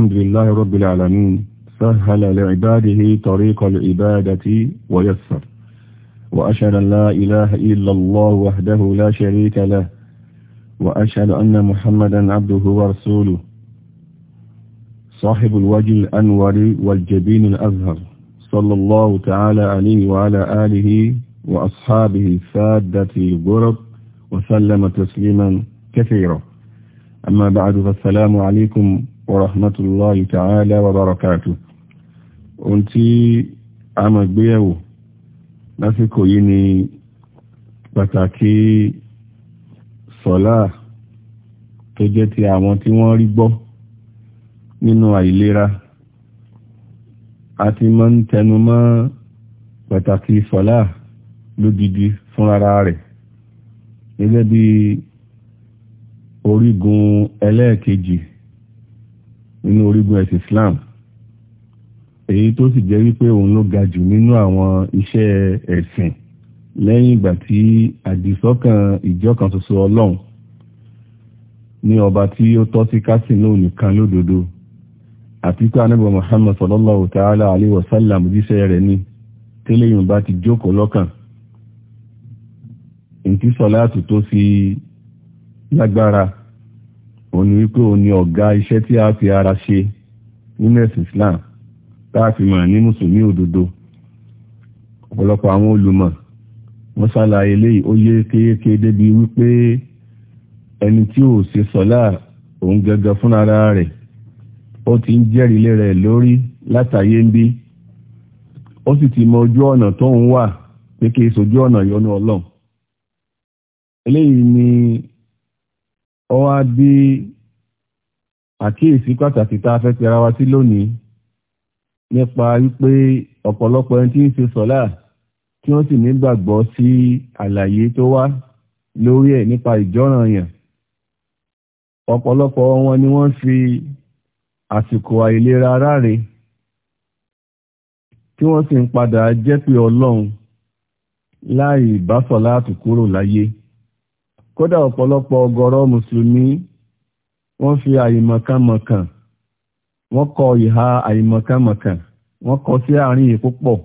الحمد لله رب العالمين سهل لعباده طريق العبادة ويسر وأشهد أن لا إله إلا الله وحده لا شريك له وأشهد أن محمدا عبده ورسوله صاحب الوجه الأنور والجبين الأزهر صلى الله تعالى عليه وعلى آله وأصحابه سادة الغرب وسلم تسليما كثيرا أما بعد فالسلام عليكم wa rahmatullahi ta'ala wa barakatuh ohun tí a máa gbéyẹ̀wò lásìkò yìí ni pàtàkì sọ́lá tó jẹ́ ti àwọn tí wọ́n rí gbọ́ nínú àìlera a ti máa ń tẹnu mọ́ pàtàkì sọ́lá lódidi fún ara rẹ̀ gẹ́gẹ́ bí orígun ẹlẹ́ẹ̀kejì nínú orígun ẹ̀sìn Islam èyí tó sì jẹ́ wípé òun ló ga jù nínú àwọn iṣẹ́ ẹ̀sìn lẹ́yìn ìgbà tí àdìsọ́kàn ìjọ kan ṣoṣo ọlọ́run ní ọba tí ó tọ́ sí kásìn lóun nìkan lódodo àti pé anábì Muhammad sallallahu ta'ala alayhi wa sallam jíṣẹ́ rẹ̀ ní tẹ́lẹ̀ yìí bá ti jókòó lọ́kàn ìtí sọláàtù tó fi lágbára òun ni wípé òun ni ọ̀gá iṣẹ́ tí a fi ara ṣe nínú Islam tá a fi mọ̀ ní mùsùlùmí òdodo ọ̀pọ̀lọpọ̀ àwọn olùmọ̀ wọ́n ṣàlàyé léyìí ó yé kéékèé débi wípé ẹni tí ò ṣe sọ́lá òun gẹ́gẹ́ fúnra rẹ̀ ó ti ń jẹ́rìílé rẹ̀ lórí látàyé ń bí ó ti mọ ojú ọ̀nà tó ń wà pé kí sojú ọ̀nà yọnu ó wá bí àkíyèsí pàtàkì tá a fẹ́ tẹra wa sí lónìí nípa wípé ọ̀pọ̀lọpọ̀ ẹni tí ń ṣe sọ́lá tí wọ́n sì nígbàgbọ́ sí àlàyé tó wá lórí ẹ̀ nípa ìjọ́ràn yàn ọ̀pọ̀lọpọ̀ wọn ni wọ́n fi àsìkò àìlera ara rẹ̀ tí wọ́n sì ń padà jẹ́ pé ọlọ́run láì bá sọ̀lá àtùkúrò láyé kódà ọ̀pọ̀lọpọ̀ ọgọ́rọ̀ mùsùlùmí wọ́n fi àìmọ̀kànmọ̀kàn wọ́n kọ ìhà àìmọ̀kànmọ̀kàn wọ́n kọ sí àárín yìí púpọ̀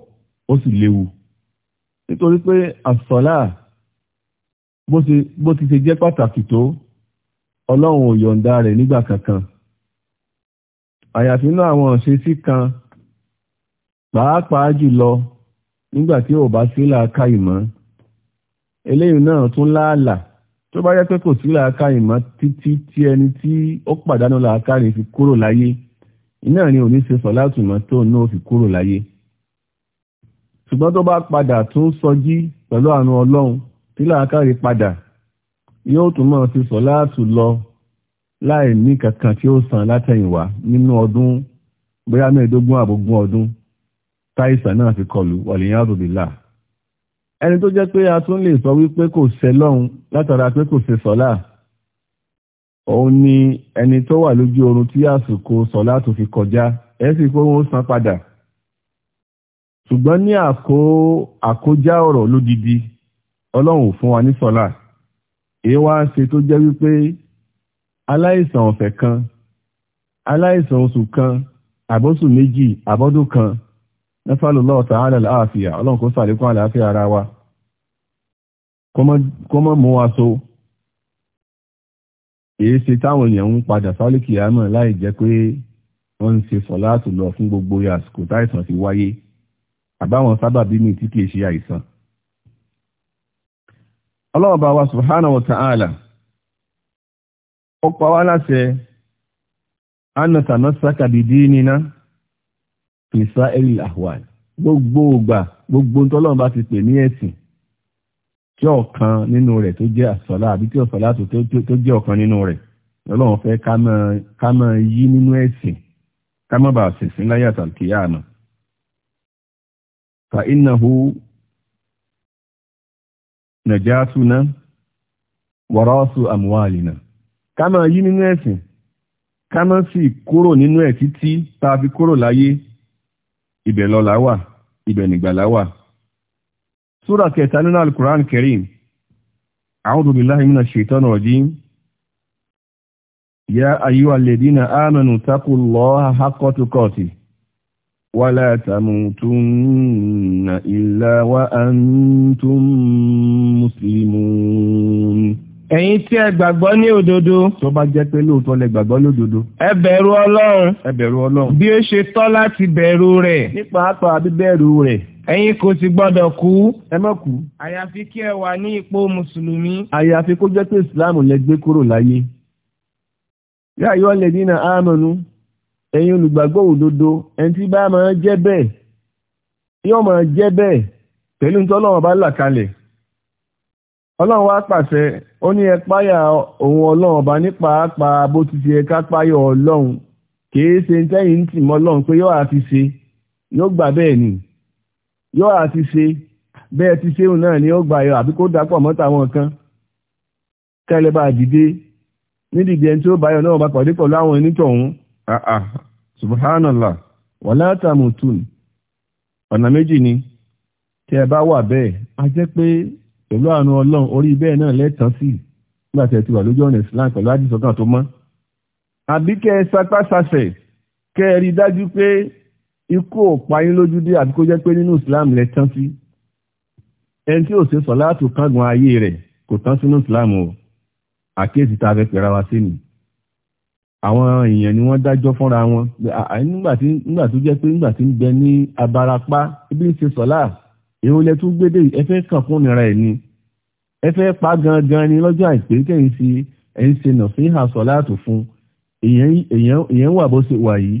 ó sì léwu nítorí pé àsọ̀lá bó ti ṣe jẹ́ pàtàkì tó ọlọ́run ò yọ̀ǹda rẹ̀ nígbà kankan àyàfi náà àwọn ìṣesí kan pàápàá jùlọ nígbà tí ò bá sí làákàyè mọ́ eléyìí náà tún láàlà tó bá yẹ pé kò sí làákàyè mọ́ títí tí ẹni tí ó pàdánù làákàyè fi kúrò láyé iná ni ò ní ṣe sọ̀látù mọ́ tó náà fi kúrò láyé ṣùgbọ́n tó bá padà tún sọjí pẹ̀lú àánú ọlọ́run tí làákàyè padà yóò tún máa ṣe sọ̀látù lọ láì ní kankan tí ó san látẹ̀yìnwá nínú ọdún bóyá mẹ́ẹ̀ẹ́dógún àbógún ọdún táìsàn náà fi kọlù wàlíyàn àbòbílà ẹni tó jẹ́ pé a tún lè sọ wípé kò ṣẹ lọ́hun látara pé kò ṣe sọ́lá òun ni ẹni tó wà lójú oorun tí àsìkò sọ́lá tó fi kọjá ẹ sì kó wọn san padà ṣùgbọ́n ní àkó àkójá ọ̀rọ̀ lódidi ọlọ́run fún wa ní sọ́lá èyí wá ṣe tó jẹ́ wípé aláìsàn ọ̀fẹ́ kan aláìsàn oṣù kan àbọ́sù méjì àbọ́dún kan nasalullah ta'ala al'afiya ọlọ́run kó sàlékún àlàáfíà ara wa kó mọ́ mú wa so èé ṣe táwọn èèyàn ń padà sálíkì àmọ́ láì jẹ́ pé wọ́n ń ṣe sọ̀láàtù lọ fún gbogbo àsìkò táìsàn ti wáyé àbáwọn sábàbí mi tí kìí ṣe àìsàn ọlọ́run bá wa subhanahu wa ta'ala ó pa wá láṣẹ anna tanassaka bidinina kìsà ẹ̀rí gbogbo ògbà gbogbo ntọ́lọ́run bá ti pè ní ẹ̀sìn tí ọ̀kan nínú rẹ̀ tó jẹ́ àsọ̀lá àbí tí ọ̀sọ̀lá tó jẹ́ ọ̀kan nínú rẹ̀ lọ́lọ́run fẹ́ ká máa yí nínú ẹ̀sìn ká má bàa sìnsìn láyé àtàkìyà ká yí nínú ẹ̀sìn ká sì kúrò nínú ẹ̀ títí tá a fi kúrò láyé ibẹ̀ lọ́lá wà ibẹ̀ nìgbàlá wà súrà kẹta nínú alukuran karim a'udhu billahi minash shaitani rajim ya ayyuhal ladina amanu taqullaha haqqa tuqatih wa la tamutunna illa wa antum muslimun ẹ̀yin tí ẹ gbàgbọ́ ní òdodo. tó bá jẹ́ pé lóòótọ́ lẹ gbàgbọ́ lódodo. ẹ bẹ̀rù ọlọ́run. ẹ bẹ̀rù ọlọ́run. bí ó ṣe tọ́ láti bẹ̀rù rẹ̀. nípa àpá bíbẹ̀rù rẹ̀. ẹ̀yin kò sì gbọ́dọ̀ kú. ẹ má kú. àyàfi kí ẹ wà ní ipò mùsùlùmí. àyàfi kó jẹ́ pé ìsìláàmù lẹ gbé kúrò láyé. yá yọ lè dínà ámọ̀nù ẹ̀yin olùgbàgbọ́ òdodo ẹni bá máa jẹ́ bẹ́ẹ̀ ọlọ́run wá pàṣẹ ó ní ẹpáyà òun ọlọ́run ọba ní pàápàá bó ti ṣe ẹka páyọ̀ ọlọ́run kìí ṣe tẹ́yìn tì mọ́ ọlọ́run pé yóò àti ṣe yóò gbà bẹ́ẹ̀ ni yóò àti ṣe bẹ́ẹ̀ ti ṣéhùn náà ni ó gbà yọ àbí kó dápọ̀ mọ́ tàwọn kan kẹ́lẹ́ bá dìde nídìdí ẹni tí ó báyọ̀ náà bá pàdé pẹ̀lú àwọn onítọ̀hún ah, ah, subhanallah wà látàmùtùn ọ̀nà méjì ni tí ẹ bá wà bẹ́ẹ̀ a jẹ́ pé pẹ̀lú àánú ọlọ́run orí bẹ́ẹ̀ náà lẹ́tàn sí nígbà tẹ̀ ti wà lójú ọ̀nà Islam pẹ̀lú àdìsọ́kàn tó mọ́ àbí kẹ́ ẹ sapásasẹ̀ kẹ́ ẹ rí dájú pé ikú ò payín lójú dé àbí kó jẹ́ pé nínú Islam lẹ́tàn sí ẹni tí ò ṣe sọ láàtò kángun ayé rẹ̀ kò tán sínú Islam o àkíyèsí tá a fẹ́ pẹ̀ra wa sí ni àwọn èèyàn ni wọ́n dájọ́ fúnra wọn nígbà tó jẹ́ pé nígbà tí ń bẹ ní abarapá ibi ń ṣe sọ́láà ìrún lẹ tún gbé dé ẹ fẹ́ kàn fún ìnira ẹ̀ ni ẹ fẹ́ pa gangan ni lọ́jọ́ àìpé kẹ́yìn sí ẹ̀yìn ṣe nà sí àṣọ láàtò fún èèyàn wà bó ṣe wà yìí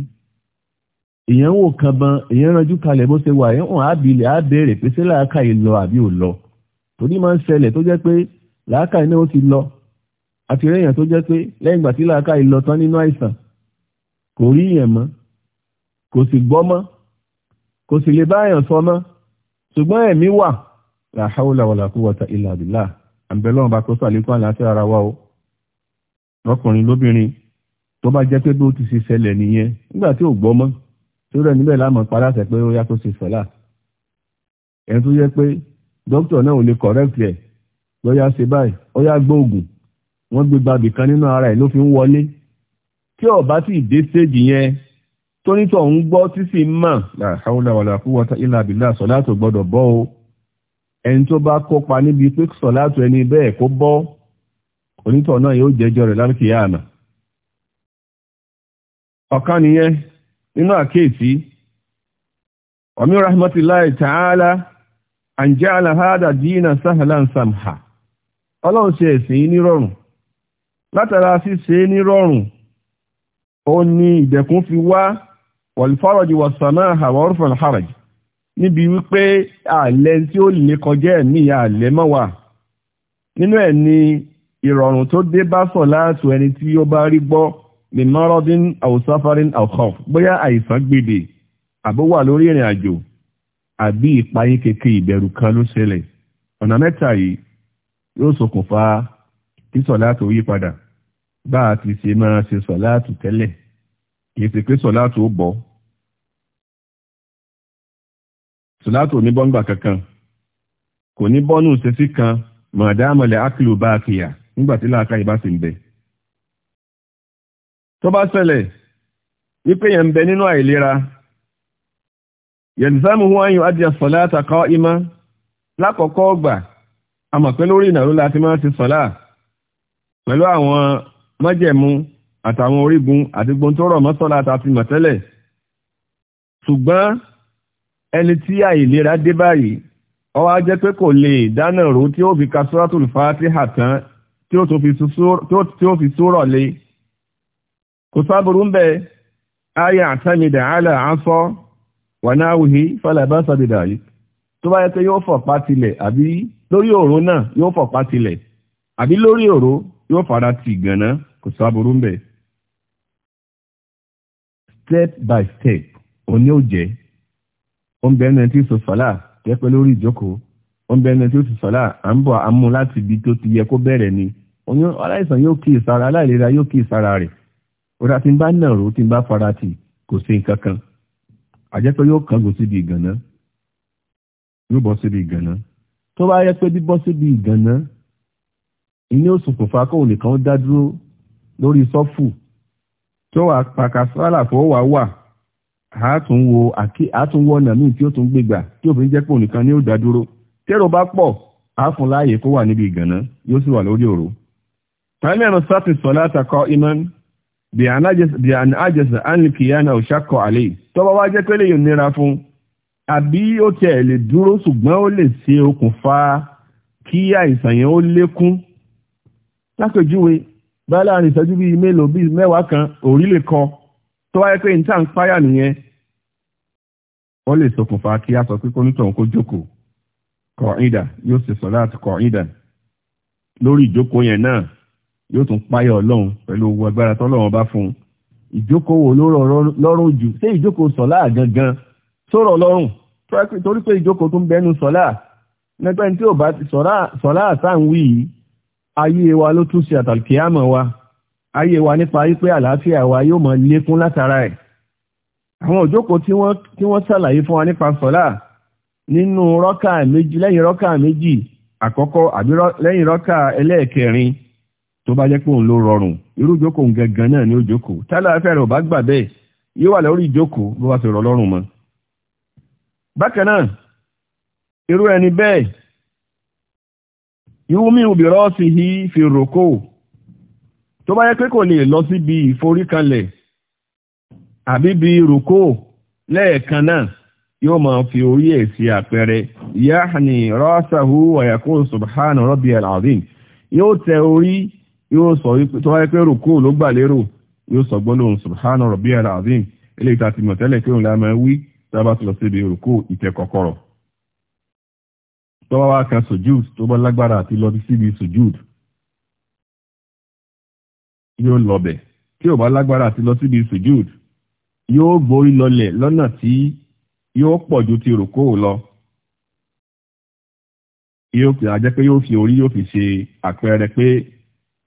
èèyàn wò kanban èèyàn ranjú kalẹ̀ bó ṣe wà yìí hàn ábìlẹ̀ á béèrè pé ṣé làákà yìí lọ àbí ò lọ torí máa ń ṣẹlẹ̀ tó jẹ́ pé làákà yìí náà ó ti lọ àti rẹ̀yàn tó jẹ́ pé lẹ́yìn ìgbà tí làákà yìí lọ tán nínú àìsàn kò rí yẹn mọ́ kò sì gbọ́ mọ́ kò sì lè bá èèyàn sọ mọ́ ṣùgbọ́n ẹ̀mí wà la hawla wala quwwata illa billah àbẹ̀lọ́run bá tó sàlékún àlàáfíà ara wa o lọ́kùnrin lóbìnrin tó bá jẹ́ pé bí ó ti ṣe ṣẹlẹ̀ nìyẹn nígbà tí ò gbọ́ mọ́ tó rẹ̀ níbẹ̀ láàmú paláṣẹ pé ó yá tó ṣe fẹ́lá ẹni tó yẹ pé dókítà náà ò lè correct ẹ̀ lọ́yà ṣe báyìí ó yá gbọ́ ògùn wọ́n gbé gbàbì kan nínú ara ẹ̀ ló fi ń wọlé tí ó bá dé stage yẹn tónítọ̀ ń gbọ́ tí sì ń mọ̀ láàáwọ́lá wà láàkúwọ́ta ilá àbílá sọ̀látò gbọ́dọ̀ bọ́ o ẹni tó bá kópa níbi pé sọ̀látò ẹni bẹ́ẹ̀ kó bọ́ onítọ̀ náà yóò jẹ́jọ́ rẹ̀ lálùkì yáàmà ọ̀kan nìyẹn nínú àkéèsí ọ̀mí rahmatullahi ta'ala àǹjẹ́ alahada dina sahlan samha ọlọ́run ṣe ìdẹ̀kùn fi wá والفرج wọ̀sánà àwọ̀rùfọ̀n الحرج. نبي wípé àlẹ́ tí ó lè kọjá ẹ̀mí àlẹ́ mọ́ wà nínú ẹ̀ ni ìrọ̀rùn tó dé bá sọ̀ láàtò ẹni tí ó bá rí gbọ́ ní mọ́rọ́dín àwòsáfárín àwòkọ́f bóyá àìsàn gbèdè àbó wà lórí ìrìn àjò àbí ìpayín keke ìbẹ̀rù kan ló ṣẹlẹ̀ ọ̀nà mẹ́ta yìí yóò ṣokùnfà kí sọ̀láàtò yí padà bá a ti ṣe máa ṣe sọ̀láàtò tẹ́lẹ̀ kì í ṣe pé sọ̀láàtò bọ̀ sọ̀látò ní bọ́ǹgbà kankan kò ní bọ́nù ṣẹ́sí kan mọ̀dámọ̀lẹ̀ ákìlù bá a kìyà nígbàtí láàká ìbá sì ń bẹ. tó bá ṣẹlẹ̀ wípé yẹn ń bẹ nínú àìlera yẹ̀dùsámù wọn ayò adìyẹ sọ̀látà kọ́ imá lákọ̀ọ́kọ́ ọgbà àmọ̀ pé lórí ìnàró láti máa ti sọ̀lá pẹ̀lú àwọn májẹ̀mú àtàwọn orígun àti gbontóró mọ́sọ́lá àti mọ̀tẹ́lẹ̀ ṣùgbọ́n ẹni tí àìlera dé báyìí ó wá jẹ́ pé kò lè dáná ró tí ó fi ka suratul Fatiha tán tí ó fi sórọ̀ lé kò sábúrú ń bẹ ayé àtẹ́mìdà àlà àńsọ́ wà náà wùhí fẹ́lẹ̀bẹ́ sọ́dìdà yìí tó bá yẹ pé yóò fọ̀pá tilẹ̀ àbí lórí òró náà yóò fọ̀pá tilẹ̀ àbí lórí òró yóò fara ti ìgànná kò sábúrú ń bẹ step by step òní ò jẹ́ ó ń bẹ ẹni tí sọ sọ́lá jẹ́ pé lórí ìjókòó ó ń bẹ ẹni tí sọ sọ́lá à ń bọ̀ àmú láti ibi tó ti yẹ kó bẹ̀rẹ̀ ni oyún aláìsàn yóò kí ìsara aláìlera yóò kí ìsara rẹ̀ ọ̀rá tí ń bá nàró tí ń bá fara tì kò sí nǹkan kan àjẹ́pẹ́ yóò kángun síbi ìgànná yóò bọ́ síbi ìgànná tó bá yẹ pé bíbọ́ síbi ìgànná ilé òṣùnkùnfà kóun nìkan dá dúró lórí sọ́fù tó wà pàkàsálà fọwọ́ wà wà àátúnwò àátúnwò ọ̀nà míì tí ó tún gbégbà tí òfin jẹ́ pé ònìkan ni ó dá dúró tẹ́rọ bá pọ̀ àáfún láàyè kó wà níbi ìgànná yóò sì wà lórí òru. tàbí ẹ̀rọ sátì sọ̀lá àtàkọ imán bí an àjẹsà ánlì kìíyànà òṣàkọ àlè tọ́ba wá jẹ́ pé lè yóò nira fún àbí ó tiẹ̀ lè dúró ṣùgbọ́n ó lè ṣe okùnfà kí àìsàn yẹn ó lékún lápèjúwe bá láàrin ìṣẹ́jú bíi mélòó bíi mẹ́wàá kan òrí lè kọ tó wáyé pé níta ń páyà nìyẹn ó lè ṣokùnfà kí a sọ pé kónítọ̀hún kó jókòó kọ̀ọ̀ìdà yóò ṣe sọ láti kọ̀ọ̀ìdà lórí ìjókòó yẹn náà yóò tún páyà ọlọ́run pẹ̀lú owó agbára tọ́lọ́run bá fún un ìjókòó lọ́rùn jù ṣé ìjókòó sọ̀lá gangan sọ̀rọ̀ lọ́rùn torí pé ìjókòó tó ń bẹnu sọ̀lá nígbà tí ò bá sọ̀lá àtàwí yìí ayé wa ló tún ṣe àtàlùkìyàmọ̀ wa ayé wa nípa wípé àlàáfíà wa yóò mọ lékún látara ẹ̀ àwọn òjókòó tí wọ́n ṣàlàyé fún wa nípa sọ́lá nínú rọ́kà méjì lẹ́yìn rọ́kà méjì àkọ́kọ́ àbí lẹ́yìn rọ́kà ẹlẹ́ẹ̀kẹrin tó bá jẹ́ pé òun ló rọrùn irú ìjókòó náà ni ó jókòó tálà fẹ́rẹ̀ ò bá gbà bẹ́ẹ̀ yóò wà lórí ìjókòó bó bá fi rọ̀ lọ́rùn mọ́ bákan náà irú ẹni bẹ́ẹ̀ àbí bí rúkó lẹ́ẹ̀kan náà yóò máa fi orí ẹ̀ sí àpẹẹrẹ yahni rasahu wa yaqulu subhana rabbiyal azim yóò tẹ orí yóò sọ wípé tó wáyé pé rúkó ló gbà lérò yóò sọ gbólóhùn subhana rabbiyal azim eléyìí tá a ti mọ̀ tẹ́lẹ̀ pé òun la máa wí tá a bá ti lọ síbi ìtẹ̀kọ̀kọ̀rọ̀ tọ́wọ́ wá kan sujud tó bá lágbára àti lọ síbi sujud yóò lọ bẹ̀ tí ò bá lágbára àti lọ síbi sujud yóò gborí lọlẹ̀ lọ́nà tí yóò pọ̀ ju ti rùkú lọ yóò pè àjẹ́ pé yóò fi orí yóò fi ṣe àpẹẹrẹ pé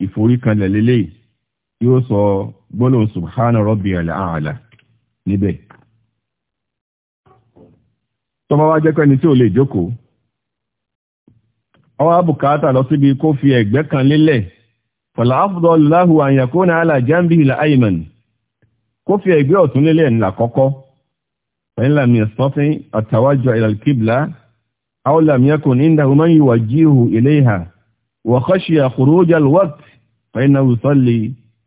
ìforíkanlẹ̀ lélẹ̀ yóò sọ gbólóhùn subhana rabbi al'ala níbẹ̀ tó bá wá jẹ́ pẹ́ni tí ò lè jókòó ọwọ́ àbùkátà lọ síbi kó fi ẹ̀gbẹ́ kan lélẹ̀ fọ̀lá afdọ́lù láhùn àyàkó náà ala jambihi al-ayman kó fi ẹ̀gbẹ́ ọ̀tún lélẹ̀ ńlá kọ́kọ́ fẹ́ńlá mi ẹ̀sọ́fín àtàwájọ ìlàkíbla àwọlà mi ẹkùn ní ìdáhùn máa ń yíwà jíhù ilé ìhà wọ̀kọ́ṣì àkùrújà lọ́t fẹ́ńlá wùsọ́lì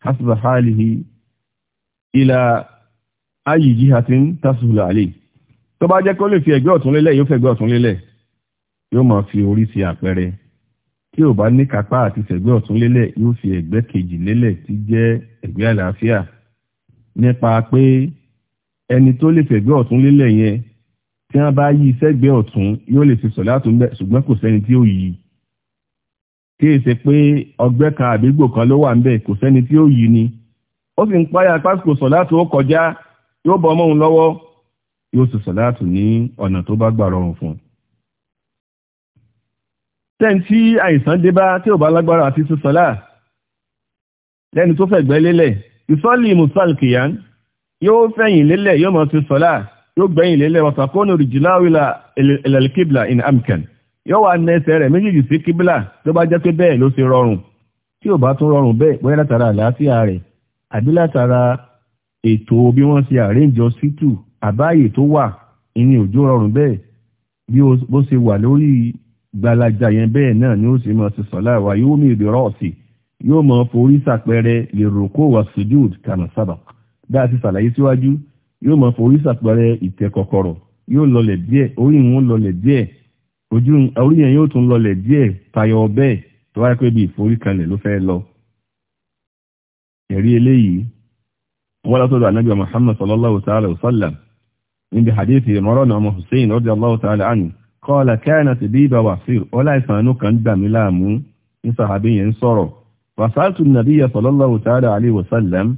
hasba halihi ilà ayì jihatin tasula àlè tó bá jẹ́ kó lè fi ẹ̀gbẹ́ ọ̀tún lélẹ̀ yóò fẹ̀gbẹ́ ọ̀tún lélẹ̀ yóò máa fi orí sí àpẹẹrẹ tí ò bá ní kápá àti fẹ̀gbẹ́ ọ̀tún lélẹ̀ yóò fi ẹ̀gbẹ́ kejì lélẹ̀ tí jẹ́ ẹ̀gbẹ́ àlàáfíà nípa pé ẹni tó lè fẹ̀gbẹ́ ọ̀tún lélẹ̀ yẹn tí wọ́n bá yí sẹ́gbẹ́ ọ̀tún yóò lè ṣe sọ̀láàtù ń bẹ̀ ṣùgbọ́n kò sẹ́ni tí ó yí kí è ṣe pé ọgbẹ́ kan àbígbò kan ló wà ń bẹ̀ kò sẹ́ni tí ó yí ni ó sì ń páyà pásítọ̀ sọ̀láàtù ó kọjá yóò bọ́ ọmọ òun lọ́wọ́ yóò ṣe sọ̀láàtù ní ọ̀nà tó bá gbà rọrùn fún un tẹ́ni tí àìsàn dé bá tí ò bá lágbára àti sísọlá lẹ́ni tó fẹ̀gbẹ́ lélẹ̀ ìsọ́lì mùsàlùkìyàn yóò fẹ̀yìn lélẹ̀ yóò mọ̀ sí sọ́lá yóò gbẹ̀yìn lélẹ̀ wàtàkónù rìjìláwìlà ìlẹ̀lẹ̀kíbìlà in amkan yóò wà ní ẹsẹ̀ rẹ̀ méjèèjì sí kíbìlà tó bá jẹ́ pé bẹ́ẹ̀ ló ṣe rọrùn tí ò bá tún rọrùn bẹ́ẹ̀ bóyá látara àlàáfíà rẹ̀ àbí látara ètò bí wọ́n ṣe àrẹ́jọ sítù àbáyè tó wà ìní òjò rọrùn bẹ́ẹ̀ bí bó ṣe wà lórí gbalaja yẹn bẹ́ẹ̀ náà ni ó sì mọ̀ sí sọ́lá wà yóò mí ìdí rọ́ọ̀sì yóò mọ forí sàpẹrẹ lè rògbò wà sujud kàmá sábà bá a ti ṣàlàyé síwájú yóò mọ forí sàpẹrẹ ìtẹ̀kọ̀kọ̀rọ̀ yóò lọlẹ̀ díẹ̀ orí ìwọ̀n lọlẹ̀ díẹ̀ ojú orí yẹn yóò tún lọlẹ̀ díẹ̀ tayọ bẹ́ẹ̀ tó wáyé pé bí ìforíkalẹ̀ ló fẹ́ lọ. ẹ̀rí eléyìí wọ́n látọ̀dọ̀ ànábì Muhammad sallallahu ta'ala wa sallam níbi hadithi ìmọ̀ràn ọmọ Hussein radiyallahu ta'ala anhu qala kanat bi bawasir ọlá ìsànánú kan gbà mí láàmú فسألت النبي صلى الله تعالى عليه وسلم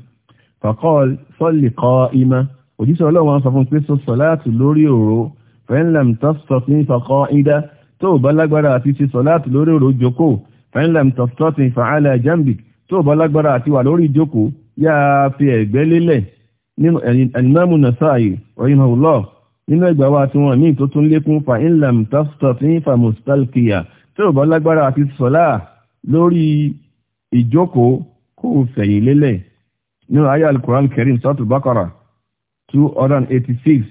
فقال صل قائمة وجيس الله وانا صفون كريس الصلاة لوري ورو فإن لم تستطيع فقائدة تو بلغبرا في صلاة لوري ورو جوكو فإن لم تستطيع فعلى جنبك توب بلغبرا في ولوري جوكو يا في إقبال الإمام النسائي رحمه الله من ẹgbà wa tí wọ́n ní tó tún lékún fa inlam في صلاة لوري ìjókòó kó o fẹ̀yìn lélẹ̀ nínú ayé alukuran kerim sọ́tù bákọ́rà 286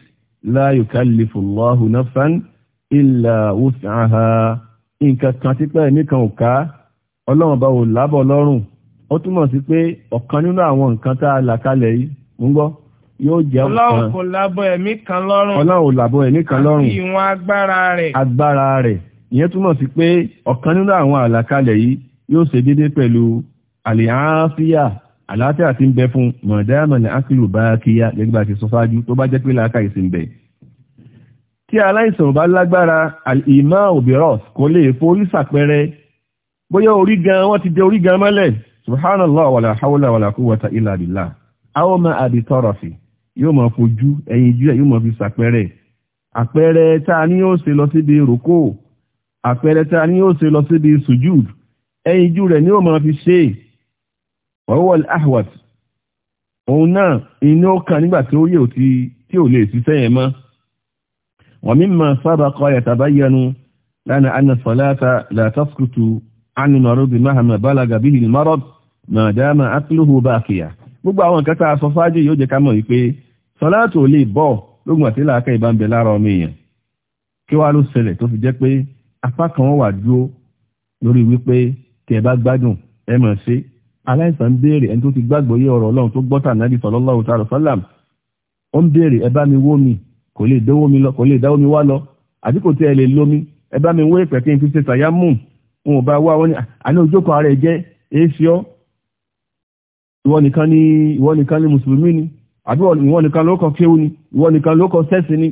la yukallifu Allahu nafsan illa wus'aha nǹkan kan tí pẹ́ẹ́ nìkan ò ká ọlọ́run bá wò lábọ̀ lọ́rùn ó túmọ̀ sí pé ọ̀kan nínú àwọn nǹkan tá a là kalẹ̀ yìí ń gbọ́ yóò jẹ́ ọ̀kan ọlọ́run kò lábọ̀ ẹ̀mí kan lọ́rùn ọlọ́run ò lábọ̀ ẹ̀mí kan lọ́rùn ìwọ̀n agbára rẹ̀ ìyẹn túmọ̀ sí pé ọ̀kan nínú àwọn àlàkalẹ̀ yìí yóò ṣe dédé pẹ̀lú àlìáfíà àlàáfíà tí ń bẹ fún mọ̀dáàmà ní ákìlù bá kíyá gẹ́gẹ́ bá ti sọ fáájú tó bá jẹ́ pé láàkà ìsìn bẹ̀. tí aláìsàn bá lágbára ìmọ̀ òbírọ̀ kò lè forí sàpẹrẹ bóyá orí gan wọ́n ti dé orí gan mọ́lẹ̀ subhanallah wàlà hawla wàlà quwwata illa billah àwọn ọmọ àbí tọrọfì yóò mọ fojú ẹyin jú tá a ní yóò ṣe lọ síbi rúkó àpẹrẹ tá a ní yóò ṣe lọ síbi sùjúdù ẹyin ijú rẹ̀ ni ó máa fi ṣe ọwọ́ ahwat òun náà inú ó kàn nígbà tí ó yẹ òtí tí ò lè ṣiṣẹ́ yẹn mọ́ wọ́n mi máa sábà kọ yatabayanu lana anna salata la taskutu anu marudi mahama balaga bihi marad ma dama akluhu baqiya gbogbo àwọn nǹkan tá a sọ fáájú yóò jẹ ká mọ̀ wípé sọláàtò ò lè bọ̀ lógun àti làákà ìbá lára ọmọ èèyàn kí wàá ló ṣẹlẹ̀ tó fi jẹ́ pé apá kan wà dúró lórí wípé tẹ́ bá gbádùn ẹ mọ̀ ṣe aláìsàn ń béèrè ẹni tó ti gbàgbọ́ yé ọ̀rọ̀ ọlọ́run tó gbọ́tà nábì sallallahu ta'ala sallam ó ń béèrè ẹ bá mi wó mi kò lè dáwó mi lọ kò lè dáwó mi wá lọ àbí kò tẹ́ ẹ lè lómi ẹ bá mi wó ìpẹ́ kí n fi ṣe sàyámù wọn ò bá wá wọn ni àní ojókòó ara ẹ jẹ́ èéfì ọ́ ìwọ nìkan ni ìwọ nìkan ni mùsùlùmí ni àbí ìwọ nìkan ló kọ kéwú ni ìwọ nìkan ló sẹ́sì ni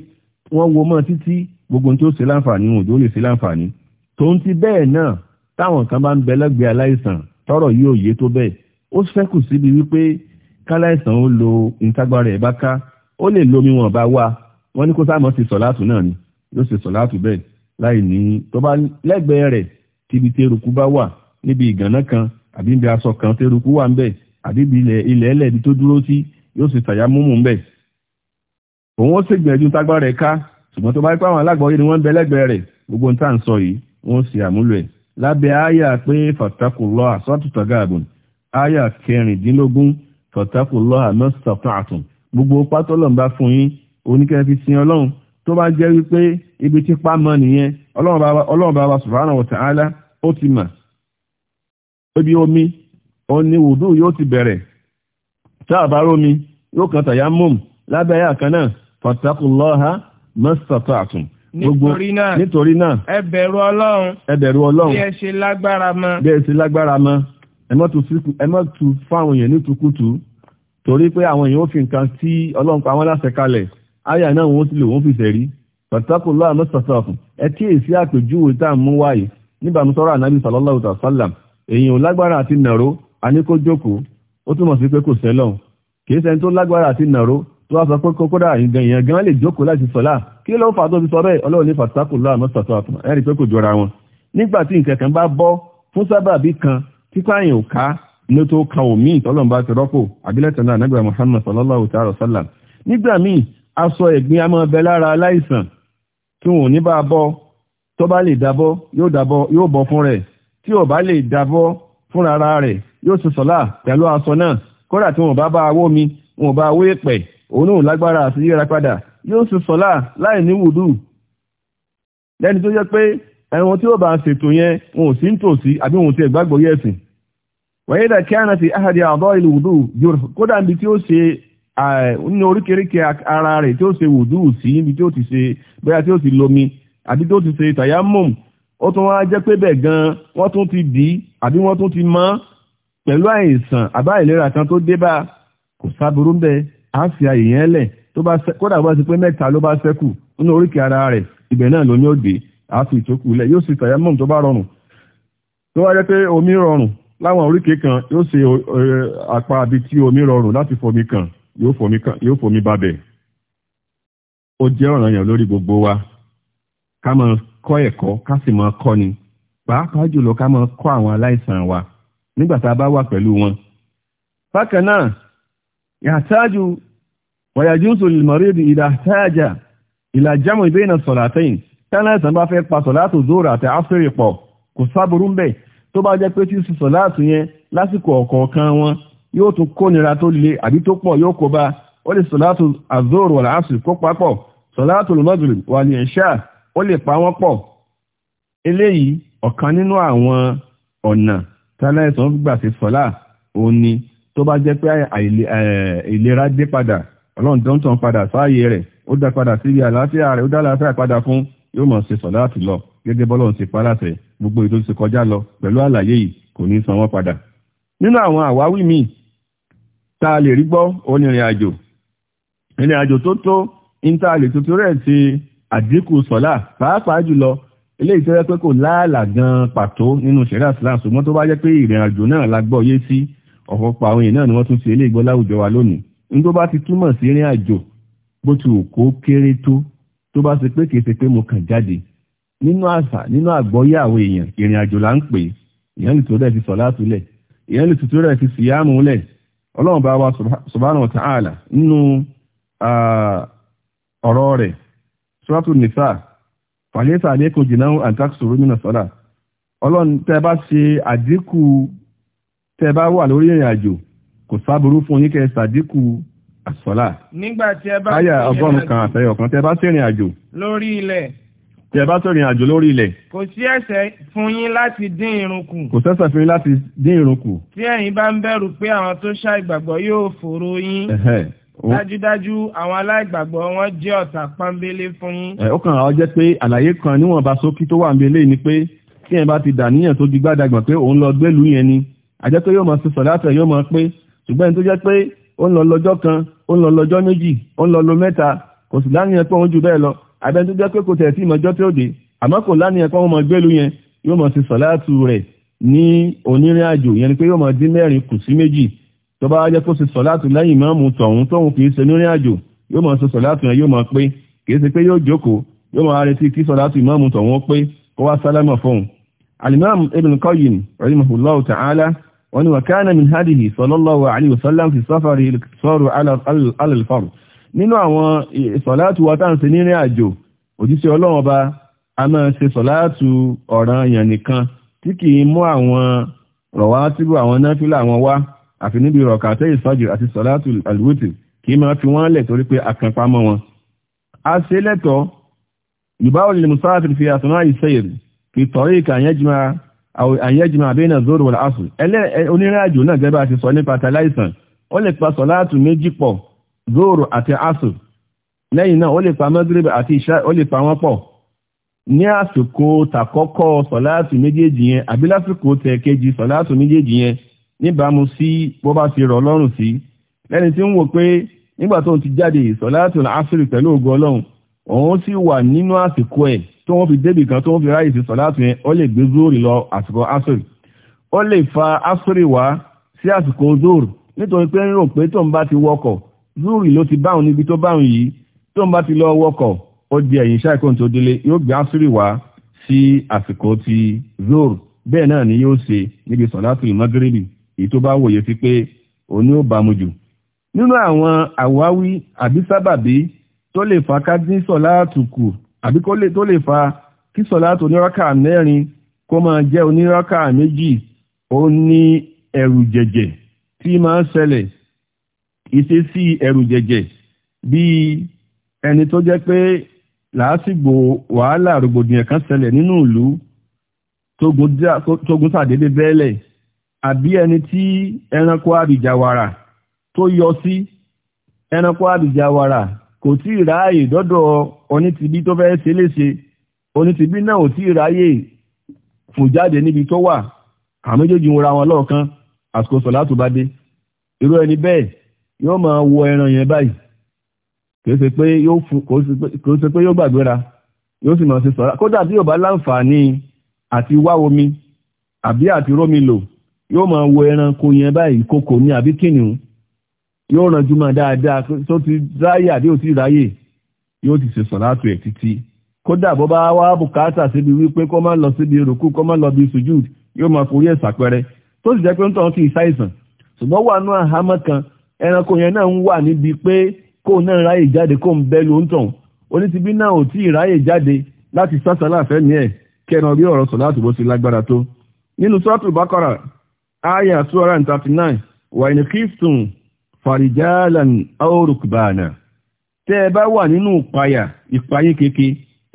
wọ́n wo mọ́ títí gbogbo tí ó ṣe láǹfààní wọn lè ṣe láǹfààní tòun ti bẹ́ẹ̀ náà táwọn kan bá ń bẹ lẹ́gbẹ̀ẹ́ aláìsàn tọ́rọ̀ yóò yé tó bẹ́ẹ̀ ó ṣẹ́kù síbi wípé káláìsàn ó lo ìtagbára ẹ̀ bá ká ó lè lo omi wọn bá wá wọn ní kó sáà mọ́ sí sọ̀láàtù náà ni yóò ṣe sọ̀láàtù bẹ́ẹ̀ láì ní tó bá lẹ́gbẹ̀ẹ́ rẹ̀ tíbi tẹ́rùkú bá wà níbi ìgànná kan àbí ibi aṣọ kan tẹ́rùkú wà ń bẹ̀ àbí ibi ilẹ̀ ẹlẹ́bi tó dúró sí yóò ṣe tàyà múmú ń bẹ̀. òun ó ṣègbìyànjú tágbára ẹ̀ ká ṣùgbọ́n tó bá rí pé àwọn alágbọ̀ọ́yé ni wọ́n ń bẹ lẹ́gbẹ̀ẹ́ rẹ̀ gbogbo ń tà ń sọ yìí wọ́n ṣe àmúlò ẹ̀ lábẹ́ àyà pé fàtàkùlọ́ àsọ́tùtàgàbùn àyà kẹrìndínlógún fàtàkùlọ́ àmọ́sítàtàtùn gbogbo pátọ́lọ́mbà fún yín oníkẹ́fì sin ọlọ́run tó bá jẹ́ wípé ibi tí pámọ́ nìyẹn ọlọ́run bá wa subhanahu wa ta'ala ó ti mà ebi omi ó ní wùdú yóò ti bẹ̀rẹ̀ tá a bá rómi yóò kàn tàyámùm lábẹ́ àyà kan náà fàtàkùlọ́ àmọ́sítàtàtùn nítorí náà nítorí náà ẹ bẹ̀rù ọlọ́run ẹ bẹ̀rù ọlọ́run bí ẹ ṣe lágbára mọ́ bí ẹ ṣe lágbára mọ́ ẹ má tu fáwọn èèyàn nítukùtù torí pé àwọn èèyàn ó fi nǹkan tí ọlọ́run pa wọ́n láṣẹ kalẹ̀ àyà náà wọ́n ti lò wọ́n fi sẹ̀rí pàtàkù lọ́wọ́ àmọ́ sọ̀tọ̀ọ̀kùn ẹ kíyèsí àpèjúwe tá à ń mú wáyé níbàámu sọ́rọ̀ ànábì sallallahu alaihi tó wá sọ pé kókódà ìgbẹ̀ èèyàn gan lè jókòó láti sọ́lá kí ló ń fa tó fi sọ bẹ́ẹ̀ ọlọ́run ní fàtàkù láàmú sọ̀tọ̀ àtùmọ̀ ẹ̀rí pé kò jọra wọn nígbà tí nǹkan kan bá bọ́ fún sábàbí kan tí pààyàn ò ká ní tó kan òmíì tọ́lọ́n bá ti rọ́pò abilẹ̀tẹ̀ náà nígbà Muhammad sallallahu ta'ala sallam nígbà míì aṣọ ẹ̀gbin a máa bẹ lára aláìsàn tí wọn ò ní bá bọ́ tó bá lè dábọ́ yóò bọ́ fún rẹ̀ tí ò bá lè dábọ́ fúnra rẹ̀ yóò ṣe sọ́lá pẹ̀lú aṣọ náà kódà tí wọn bá bá awó mi wọn bá awó èpẹ̀ òun náà lágbára àti yíra padà yóò sì sọ́lá láì ní wùdú lẹ́ni tó jẹ́ pé ẹ̀wọ̀n tí ó bá ṣètò yẹn wọn ò sí ń tòsí àbí wọn ti ẹ̀gbàgbọ́ yẹ̀ sìn wọ́n yẹ́dà kí á náà ti áhàdì àbọ̀ ìlú wùdú kódà níbi tí ó ṣe ní oríkèéríkè ara rẹ̀ tí ó ṣe wùdú sí níbi tí ó ti ṣe bóyá tí ó ti lomi àbí tí ó ti ṣe tàyámọ̀m ó tún wá jẹ́ pé bẹ́ẹ̀ gan-an wọ́n tún ti dì í àbí wọ́n tún ti mọ́ pẹ̀lú àìsàn àbá ìlera kan tó dé kò sáburú bẹ́ẹ̀ á fi ààyè yẹn lẹ̀ kódà bá ti pé mẹ́ta ló bá ṣẹ́kù nínú oríkèé ara rẹ̀ ibẹ̀ náà ló ní òde á fi ìtókù lẹ̀ yóò sì tàyámọ̀mù tó bá rọrùn tó wá jẹ́ pé omi rọrùn láwọn oríkèé kan yóò ṣe apá àbí tí omi rọrùn láti fomi kàn yóò fomi babẹ̀ ó jẹ́ ọ̀ranyàn lórí gbogbo wa ká máa kọ́ ẹ̀kọ́ ká sì máa kọ́ ni pàápàá jùlọ ká máa kọ́ àwọn aláìsàn wa nígbà tá a bá wà pẹ̀lú wọn. bákan náà يحتاج ويجوز للمريض إذا احتاج إلى الجمع بين الصلاتين tẹ́lẹ̀ tán bá fẹ́ pa sọ̀látù zoro àti asiri pọ̀ kò sáburú ń bẹ̀ tó bá jẹ́ pé tí sọ̀látù yẹn lásìkò ọ̀kọ̀ọ̀kan wọn yóò tún kó nira tó le àbí tó pọ̀ yóò kó bá ó lè sọ̀látù azoro wà láàsì kó papọ̀ sọ̀látù lọ́dúnrún wà ní ẹ̀ṣà ó lè pa wọ́n pọ̀ eléyìí ọ̀kan nínú àwọn ọ̀nà tẹ́lẹ̀ tán gbà sí sọ̀lá òun ni tó bá jẹ́ pé àìlera dé padà ọlọ́run tó ń tàn padà sáàyè rẹ̀ ó dá padà síbi àlàáfíà rẹ̀ ó dá àlàáfíà padà fún yóò mọ̀ ṣe sọ̀láàtì lọ gẹ́gẹ́ bọ́lọ́run ti paláṣẹ gbogbo ètò ti kọjá lọ pẹ̀lú àlàyé yìí kò ní san wọ́n padà. nínú àwọn àwáwí míì tá a lè rí gbọ́ onírìn àjò ìrìn àjò tó tó ní tá a lè tuntun rẹ̀ ti àdínkù sọ̀lá pàápàá jùlọ eléyìí tó yẹ pé kò láàlà gan pàtó nínú ṣẹ̀ríà Islam ṣùgbọ́n tó bá jẹ́ pé ìrìn àjò náà la gbọ́ yé sí ọ̀pọ̀pọ̀ àwọn èèyàn ni wọ́n tún ti eléyìí gbọ́ láwùjọ wa lónìí ní tó bá ti túmọ̀ sí rìn àjò bó ti wù kó kéré tó tó bá ṣe pé kìí ṣe pé mo kàn jáde nínú àṣà nínú àgbọ́yé àwọn èèyàn ìrìn àjò là ń pè é èèyàn lè tó rẹ̀ fi sọ̀ látúlẹ̀ èèyàn lè tó rẹ̀ fi síyáàmù lẹ̀ ọlọ́run bá wa subhanahu wa ta'ala nínú ọ̀rọ̀ rẹ̀ suratul nisa fàlẹ́sà àlékún jìnnà àǹtàkùsùrù nínú sọ́là ọlọ́run tẹ́ bá ṣe àdínkù tẹ́ bá wà lórí ìrìn àjò kò sáburú fún yín kẹ́ sàdíkù àsọ́là nígbàtí ẹ bá káyà ọgọ́rùn kan àtẹyọ kan tẹ́ bá sẹ́rìn àjò lórí ilẹ̀ tẹ́ bá sẹ́rìn àjò lórí ilẹ̀ kò sí ẹ̀ṣẹ̀ fún yín láti dín irun kù kò sẹ́ṣẹ̀ fún yín láti dín irun kù tí ẹ̀yin bá ń bẹ̀rù pé àwọn tó ṣàìgbàgbọ́ yóò fòòró yín dájúdájú àwọn aláìgbàgbọ́ wọn jẹ́ ọ̀tá pọ́nbélé fún yín. ẹ ó kàn án jẹ́ pé àlàyé kan níwọ̀nba sókí tó wà ń belé ni pé tí ẹ bá ti dà níyàn tó di gbádàgbọ̀n pé òun lọ gbẹ́lú yẹn ni àjẹ́ pé yóò máa ṣe sọ̀láàtì rẹ̀ yóò máa pé ṣùgbọ́n ẹni tó jẹ́ pé ó ń lọ lọ́jọ́ kan ó ń lọ lọ́jọ́ méjì ó ń lọ lọ mẹ́ta kò sì láníyàn pé òun jù bẹ́ẹ̀ lọ abẹ́ni tó jẹ́ pé kò tẹ̀ sí ìmọ̀jọ́ tí ó dé àmọ́ kò láníyàn pé òun máa gbélu yẹn yóò máa ṣe sọ̀láàtì rẹ̀ ní onírìn àjò yẹn ni pé yóò máa dín mẹ́rin kù sí méjì tó bá jẹ́ kó ṣe sọ̀láàtì lẹ́yìn ìmáàmù tọ̀hún tóun kì í ṣe onírìn àjò yóò máa ṣe sọ̀láàtì rẹ̀ yóò máa pé kì í ṣe pé yóò jókòó yóò máa retí kí sọ̀láàtì ìmáàmù tọ̀hún pé kó wá sálámà fóun. alimami Ibn Qayyim rahimahullahu ta'ala wọ́n ni wàkánà min hadihi sallallahu alaihi wasallam fi sáfàrí sọ́rọ̀ alàlfàrù nínú àwọn e, sọ̀látù wátàǹsì nírìn àjò òjíṣẹ́ ọlọ́run ọba a máa ṣe sọ̀látù ọ̀ranyàn nìkan tí kì í mú àwọn rọ̀wátìbù àwọn náfílà àwọn wá àfi níbi rọ̀kàtẹ́ ìfàjì àti sọ̀látù alwitr kì í máa fi wọ́n lẹ̀ torí pé akànpamọ́ wọn a ṣe lẹ́tọ̀ọ́ ìbáwọ̀lẹ̀ musafir fi àtúnáyì sẹ́yìn fi tọ̀rí ìkàyẹ́jìmá àyẹ́jìmọ̀ àbẹ́nà zoro wal asr e, onírìnàjò náà gẹ́gẹ́ bá ti sọ nípa tàláìsàn ó lè pa sọ̀láàtù méjì pọ̀ zoro àti asr lẹ́yìn náà ó lè pa magrib àti ìṣá ó lè pa wọ́n pọ̀ ní àsìkò tàkọ́kọ́ sọ̀láàtù méjèèjì yẹn àbí lásìkò tẹ̀kejì sọ̀láàtù méjèèjì yẹn níbàámu sí bó bá ti rọ̀ lọ́rùn sí lẹ́ni tí ń wò pé nígbà tó ti jáde sọ̀láàtù asr pẹ̀lú ògo ọlọ́run òun sì wà nínú àsìkò ẹ̀ tó wọ́n fi débì kan tó wọ́n fi ráyè sí sọ̀láàtù yẹn ó lè gbé zóòrì lọ àsìkò asòrì ó lè fa asòrì wá sí àsìkò zóòrì nítorí pé ń rò pé tóun bá ti wọkọ̀ zóòrì ló ti báwọn níbi tó báwọn yìí tóun bá ti lọ wọkọ̀ ó di ẹ̀yìn iṣẹ́ ìkóhun tó délé yóò gbé asòrì wá sí àsìkò ti zóòrì bẹ́ẹ̀ náà ni yóò ṣe níbi sọ̀láàtù ìmọ̀gírìbì èyí tó bá wòye sí pé òun yóò bámu jù nínú àwọn àwáwí àbí sábàbí tó lè fa ká dín sọ̀láàtù kù àbí kó lè tó lè fa kí sọ̀láàtò onírọ́kà mẹ́rin kó máa jẹ́ onírọ́kà méjì ó ní ẹ̀rù jẹ̀jẹ̀ tí máa ń ṣẹlẹ̀ ìṣesí ẹ̀rù jẹ̀jẹ̀ bíi ẹni tó jẹ́ pé làásìgbò wàhálà rògbòdìyàn kan ṣẹlẹ̀ nínú ìlú tógun sàdédé bẹ́ẹ̀lẹ̀ àbí ẹni tí ẹranko àbìjàwàrà tó yọ sí ẹranko àbìjàwàrà kò tí ì ráàyè dọ́dọ̀ onítìbí tó fẹ́ ṣe léṣe onítìbí náà ò tí ì ráàyè fò jáde níbi tó wà àwọn méjèèjì ń ra wọn lọ́ọ̀kan àsìkò sọ̀látù bá dé irú ẹni bẹ́ẹ̀ yóò máa wọ ẹran yẹn báyìí kò ṣe pé yóò gbàgbéra yóò sì máa ṣe sọ̀rọ̀ kódà tí yóò láǹfààní àti wá omi àbí àti rómi lò yóò máa wọ ẹranko yẹn báyìí kòkò ní àbí kìnìún yóò ranjú mọ́ dáadáa tó ti ráyè àbí ò ti ráyè yóò ti ṣe sọ̀látù ẹ̀ títí kódà bó bá wá bùkátà síbi wípé kó má lọ síbi rùkú kó má lọ bí sùjúd yóò máa forí ẹ̀ sàpẹrẹ tó sì jẹ́ pé ń tọ́ kì í ṣàìsàn ṣùgbọ́n wà nú àhámọ́ kan ẹranko yẹn náà ń wà níbi pé kó náà ráyè jáde kó ń bẹ́ ló ń tàn onítìbí náà ò tí ì ráyè jáde láti sásàlá àfẹ́mi ẹ̀ kẹran rí ọ̀rọ̀ sọ̀látù bó ti lágbára tó nínú sọ́ọ̀tù bákọ́rà áyà 239 wà ní kíftùn fàrìjálà aorukbana tẹ́ ẹ bá wà nínú ìpayà ìpayín keke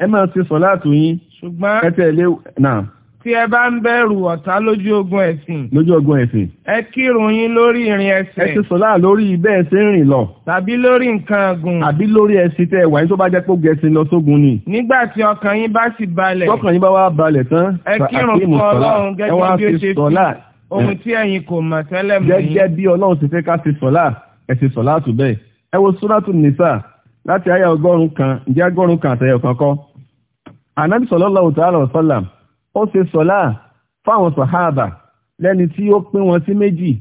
ẹ máa ṣe sọ̀láàtù yín ṣùgbọ́n ẹ tẹ̀lé náà tí ẹ bá ń bẹ̀rù ọ̀tá lójú ogun ẹ̀sìn. lójú ogun ẹ̀sìn. ẹ kírun yín lórí ìrìn ẹsẹ̀. ẹ ti sọ̀lá lórí bẹ́ẹ̀ ṣe rìn lọ. tàbí lórí nǹkan gùn. àbí lórí ẹṣin tẹ wà ní tó bá jẹ́ pé ó gẹṣin lọ sógun ni. nígbà tí ọkàn yín bá sì balẹ̀. tọkàn yín bá wá balẹ̀ tán. ẹ kírun fún ọlọ́run gẹ́gẹ́ bí ó ṣe fi ohun tí ẹ̀yin kò mọ̀ tẹ́lẹ̀ mọ́ yín. gẹ́gẹ́ bí ọlọ́run ti fẹ́ ká ṣe sọ̀lá ẹ ṣe sọ̀lá tù bẹ́ẹ̀ ẹ wo súrátù nìsà láti àyà ọgọ́rùn kan ǹjẹ́ ọgọ́rùn kan àtẹ̀yọ̀ kankan. ànábì sallallahu ta'ala wa sallam ó ṣe sọ̀lá fáwọn sàhábà lẹ́ni tí ó pín wọn sí méjì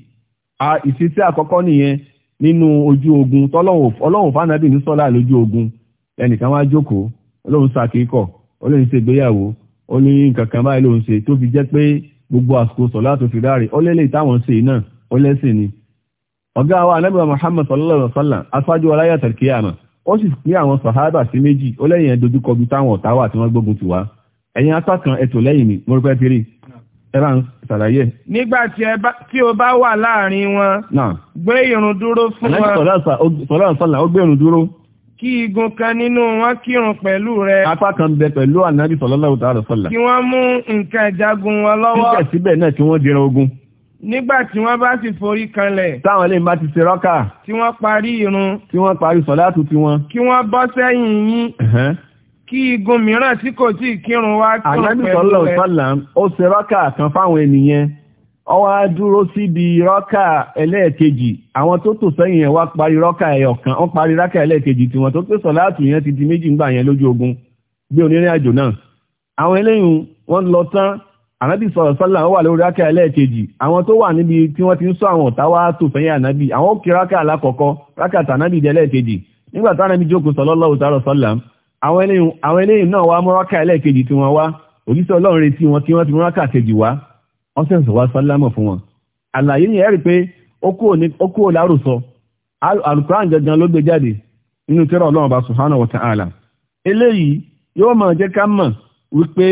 ìṣesí àkọ́kọ́ nìyẹn nínú ojú ogun tọ́lọ́hùn fánàbì ní sọ́lá lójú ogun ẹnìkan wá jókòó olóhùn sàkíkọ̀ olóhùn ṣègbéyàwó olóhùn kankan báyìí lóhùn ṣe tó fi jẹ́ pé gbogbo àsìkò sọ̀lá tó fi dáre ó lélẹ̀ ìtàwọn sí náà ó lẹ́sìn ni ọ̀gá wa anábìwá Muhammad sallallahu alaihi wa sallam aṣáájú aláyà tàkíyàmà ó sì pín àwọn sàhábà sí méjì ó lẹ́yìn ẹ̀ dojúkọ bí táwọn ọ̀tá wà tí wọ́n gbógun ti wá ẹ̀yin apá kan ẹ̀tò lẹ́yìn mi mo rí pẹ́ péré ẹ̀rà ń ṣàlàyé. nígbà tí o bá wà láàrin wọn gbé irun dúró fún wọn. sọ̀rọ̀ kí igun kan nínú wọn kírun pẹ̀lú rẹ̀. apá kan bẹ pẹ̀lú ànábì sallallahu ta'ala sallam. kí wọ́n mú nǹkan ìjagun wọn lọ́wọ́. síbẹ̀síbẹ̀ náà kí wọ́n dira ogun. nígbà tí wọ́n bá sì forí kanlẹ̀. táwọn lè má ti ṣe rọ́kà. tí wọ́n parí irun. tí wọ́n parí sọ̀láàtù tiwọn. kí wọ́n bọ́ sẹ́yìn yín. kí igun mìíràn tí kò tí kírun wá kírun pẹ̀lú rẹ̀. ànábì sallallahu wọ́n wá dúró síbi rọ́kà ẹlẹ́ẹ̀kejì àwọn tó tò sẹ́yìn yẹn wá parí rọ́kà ẹ̀yọ̀kan wọ́n parí rákà ẹlẹ́ẹ̀kejì tiwọn tó pèsè láàtù yẹn ti di méjì ńgbà yẹn lójú ogun gbé onírìn àjò náà àwọn eléyìí wọ́n lọ tán ànábì sọ̀rọ̀ sọ́là wà lórí rákà ẹlẹ́ẹ̀kejì àwọn tó wà níbi tí wọ́n ti ń sọ àwọn ọ̀tá wá tò sẹ́yìn ànábì àwọn ó kí rákà alákọ̀ọ́kọ́ rákà tànábì di ẹlẹ́ẹ̀kejì nígbà tánábì jókòó sọlọ́lọ́wọ́ sọ̀rọ̀ sọ́là àwọn eléyìí náà wá mú rákà ẹlẹ́ẹ̀kejì tí wọ́n wá òjíṣẹ́ ọlọ́run retí wọn tí wọ́n ti mú rákà kejì wá wọ́n sẹ̀sẹ̀ wá sálámọ̀ fún wọn àlàyé yẹn rí pé ó kúrò lárùsọ alukuran gangan ló gbé jáde nínú tẹ́rọ ọlọ́run ọba subhanahu wa ta'ala eléyìí yóò máa jẹ́ ká mọ̀ wípé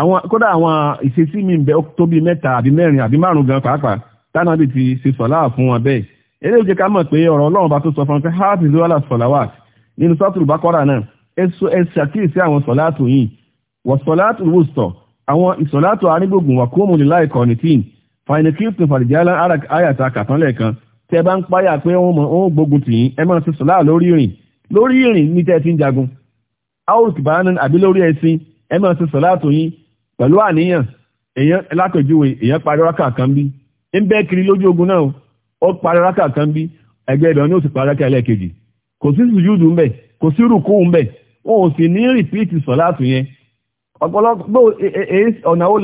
àwọn kódà àwọn ìṣesí mi bẹ tó bíi mẹ́ta àbí mẹ́rin àbí márùn gan pàápàá tánà bíi ti ṣe sọ̀lá fún wọn bẹ́ẹ̀ eléyìí jẹ́ ká mọ̀ pé ọ̀rọ̀ ọlọ́run ọba tó sọ fún wọn pé hafi àwọn ìsọ̀látò arígbògùn wà kó múlẹ̀ láì kọ̀ọ̀nì tí fàìní kan tẹ́ bá ń páyà pé wọ́n mọ̀ oún gbógun tì sọ̀lá lórí ìrìn lórí ìrìn ní tẹ́ ń jagun aork banan àbí lórí ẹṣin ẹ máa sọ̀lá tó yín pẹ̀lú àníyàn parí kan bí ń bẹ́ kiri lójú ogun náà ó parí kan bí ẹgbẹ́ ó ọ̀pọ̀lọpọ̀ e, e, e, ọ̀nà wo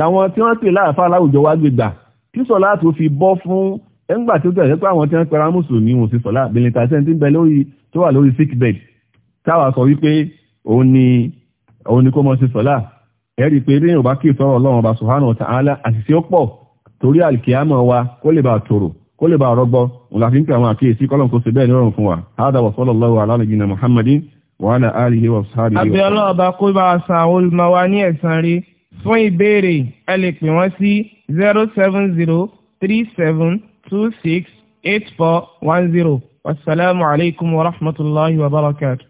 làwọn tí wọ́n pè láàfáà láwùjọ wá gbégbà kí sọ̀lá tó fi bọ́ fún ẹgbà tó tẹ̀lé pé àwọn tí wọ́n pẹ̀rọ mùsùlùmí wọn sí sọ̀lá bìnrin tàṣẹ́ tí ń bẹ lórí tó wà lórí sick bed táwa sọ wípé òun ni kó mọ́ sí sọ̀lá ẹ̀rí pé rí ìrọ̀bá kí ìfọ́rọ̀ ọlọ́run ọba subhanahu wa ta'ala àṣìṣe ó pọ̀ torí àlìkìyàmọ̀ wa kó lè bá tòrò kó lè bá rọgbọ òun làfi ń pè àwọn àkíyèsí kọ́lọ̀ kó ṣe bẹ́ẹ̀ nírọ̀rùn fún wa hádà wa sallallahu ala muhammadin wàhálà àríhe wà sáré. àbí ọlọ́ọ̀bá kó bá a san àwọn olùmọ̀ wa ní ẹ̀san rí fún ìbéèrè ẹ lè pè wọ́n sí zero seven zero three seven two six eight four one zero wasalaamualeykum wa rahmatulahi wa barakatu.